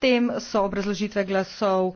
tem so obrazložitve glasov